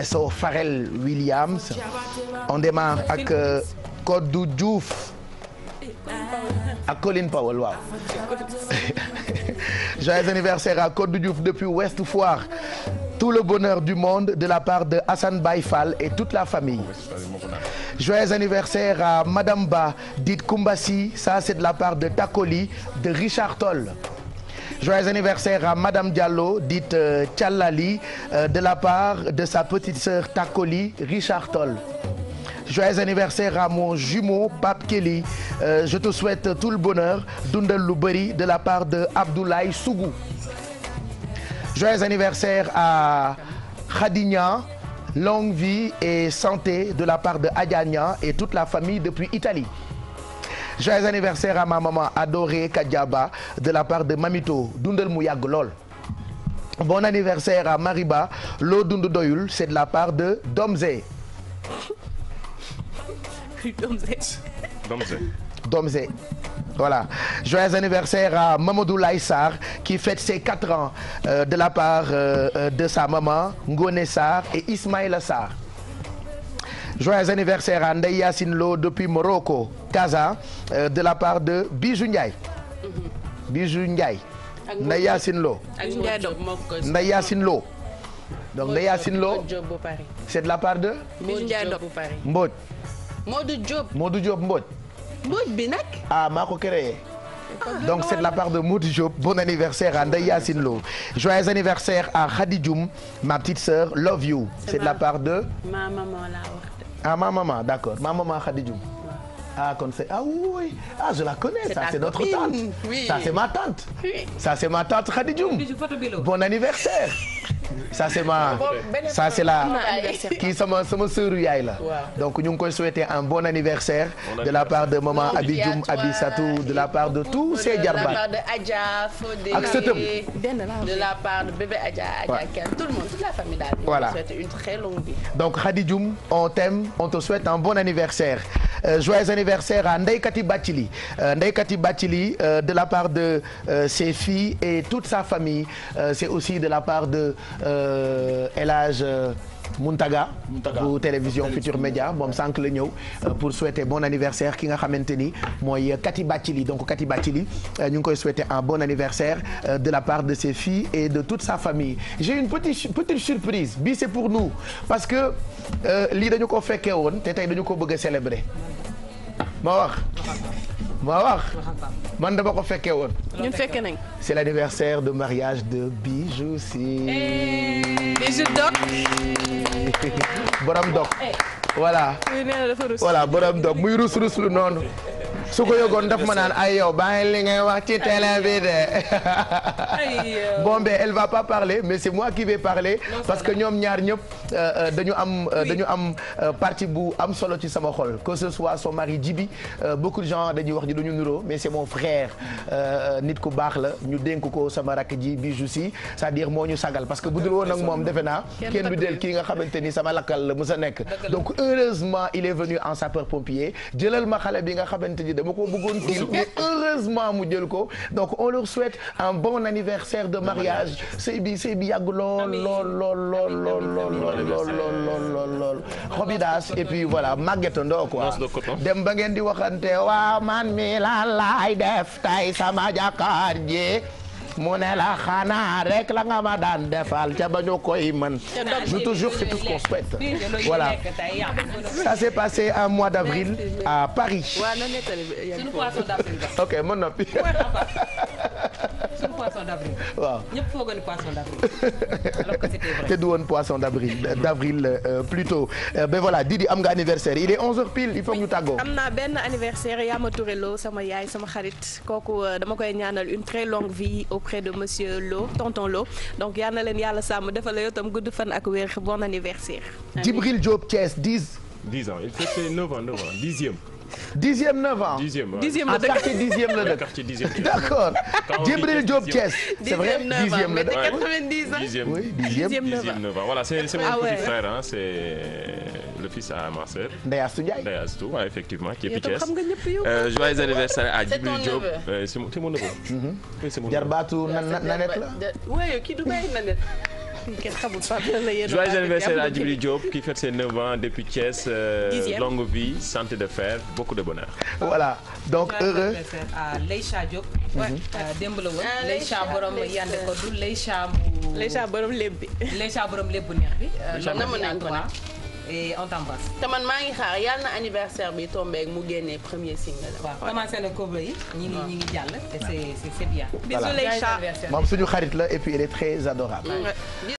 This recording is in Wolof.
weesoo Pharrell Williams on démarre euh, ak Kodou Diouf Colin Powell waaw joyeux anniversaire à Kodou Diouf depuis Ouest Foire tout le bonheur du monde de la part de Hassan et toute la famille joyeux anniversaire à Madame Ba dite Koumbassi ça c'est de la part de Takoli de Richard Toll Joyeux anniversaire à Madame Diallo, dite euh, Tchalali, euh, de la part de sa petite sœur Takoli, Richard Toll. Joyeux anniversaire à mon jumeau Pape euh, je te souhaite tout le bonheur. Dundal Louberi de la part de Abdoulaye Sougou. Joyeux anniversaire à Khadinyan, longue vie et santé de la part de et toute la famille depuis Italie. joyeux anniversaire à ma maman adorée de la part de Mamito dundal mu yàgg lool. bon anniversaire à Mariba loo dund doyul c'est de la part de Domze. Domze. voilà joyeux anniversaire à Mamadou Laïsar qui fête ses 4 ans euh, de la part euh, euh, de sa maman Ngone Sarr et Ismaïla Sarr. joyeux anniversaire à Ndeye Yacine depuis Morocco. Casa euh, de la part de Bijou Ndiaye. Bijou Ndiaye. ak Ndeye Yacine Lo. ak Ndeye c'est de la part de. Bijou Ndiaye Mbodj. Modou Diop Modou bi nag. ah maa ko donc c'est de la part de Modou Diop bon anniversaire à Ndeye Yacine Lo joyeux anniversaire à Khady ma petite sœur love you. c'est de la part de. ma maman laa ah, d'accord ma maman Khady Ah, comme c'est. Ah oui, ah, je la connais, ça c'est notre tante. Oui. Ça c'est ma tante. Oui. Ça c'est ma tante Khadidjoum. Bon anniversaire. ça c'est ma ça c'est la kii sama sama sëru yaay la donc ñu ngi koy souhaiter un bon anniversaire de la part de maman Abi Dioum Abi Satou de la part de tous ses jarbaat de la part de Adja Fodé ak sëtëm de la part de bébé Adja Adja Kane tout le monde toute la famille daal voilà donc Khady Dioum on t'aime on te souhaite un bon anniversaire Euh, joyeux anniversaire à Ndeye Kati Bathily euh, Ndeye Kati Bathily euh, de la part de ses filles et toute sa famille c'est aussi de la part de El Hadj Muntaga bu télévision Futur Média moom sànq le ñëw pour souhaiter bon anniversaire ki nga xamante ni mooy Kati Bathily donc Kati Bathily ñu ngi koy souhaiter un bon anniversaire de la part de ses filles et de toute sa famille j'ai une petite petite surprise bi c'est pour nous parce que lii dañu ko fekkee woon te tey dañu ko bëgg a ma wax ma wax man dama ko fekkee woon. ñun fekkee nañ. c'est l'anniversaire de mariage de Bijou Sy. Eh, Bijou Doc. borom Doc. Eh. voilà. voilà Doc muy rus rus lu noonu. su ko yogoon daf ma naan ay yow bàyyi li ngay wax ci télé bi de bon ben elle va pas parler mais c'est moi qui vais parler parce que ñoom ñaar ñëpp euh, euh, dañu am euh, dañu am partie bu am solo ci sama xol que ce soit son mari Djibi beaucoup de gens dañuy wax ji duñu nuroo mais c'est mon frère nit ku baax la ñu dénk ko sama rakk ji bijou si c'est-à-dire moo ñu sagal parce que bu woon ak moom defe naa kenn du del kii nga xamante ni sama lakkal la mu sa nekk donc heureusement il est venu en sapeur pompier jëlal ma dama ko bëggoon kii mais heureusement mu jël ko donc on leur souhaite un bon anniversaire de mariage sëy bi sëy bi yàgg lool lool lool lool lool lool lool lool lool lool xobidaas et puis voilà màggetandoo quoi dem ba ngeen di waxante waa man mi lan laay def tay sama jàkkaar ji mu ne la xanaa rek la nga ma daan defal ca ba ñu koy mën je te jure tout ce voilà ça s'est passé un mois d'avril à Paris ok mën na d'avril. waaw ñëpp foogoon ni poisson d'avril. alors que c'était vrai. te du woon poisson d'avril d'avril euh, plutôt euh, ben voilà Didi am nga anniversaire il est 11h pile il faut ñu tàggoo. am naa benn anniversaire Yama Touré Lo sama yaay sama xarit kooku euh, dama koy ñaanal une très longue vie auprès de monsieur Lo tonton Lo donc yal na leen yàlla sàmm defal la yow tam gudd fan ak wér bon anniversaire. Djibril Diop Thiès 10. 10 il fait 9 ans 9 ans dixième neuf ans. dixième waaw dixième la dëkk quartier dixième la dëkk. quartier dixième la dëkk d'accord. Djibril Diop Thiès. c'est vrai dixième la dëkk waaw dixième oui dixième neuf ans voilà c'est c'est mon ah petit frère ah c'est le fils à ma sœur. Ndeye Astou Ndiaye Ndeye Astou waaw effectivement qui est Thiès. xam nga ñëpp yow. Euh, joyeux anniversaire à Djibril Diop. Euh, c'est mon neveu. Mhm. c'est mon neveu. jarbaatu na na nanet la. waaye kii du bàyyi nanet. kenn xamul fan la yéen joyeux anniversaire à Djibril qui fête ses 9 depuis Thiès. Euh, longue vie santé de fer beaucoup de bonheur. voilà donc heureux. à Leïcha Diop. Mm-hmm. Euh, démb la woon ah, Leïcha borom yande ko du borom léb bi. borom léb neex bi. Euh, et on t'embrasse. te xaar yàlla na anniversaire bi tombé mu génnee premier single. waaw commencé na cover yi. ñi ngi ñi ngi jàll te c'est c'est bien. voilà bisous les chats moom suñu la et puis elle est adorable.